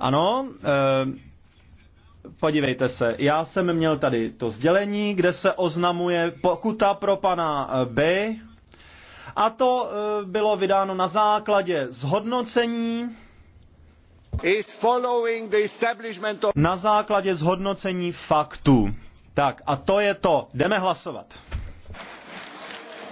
Ano, eh, podívejte se, já jsem měl tady to sdělení, kde se oznamuje pokuta pro pana eh, B. A to eh, bylo vydáno na základě zhodnocení na základě zhodnocení faktů. Tak a to je to. Jdeme hlasovat.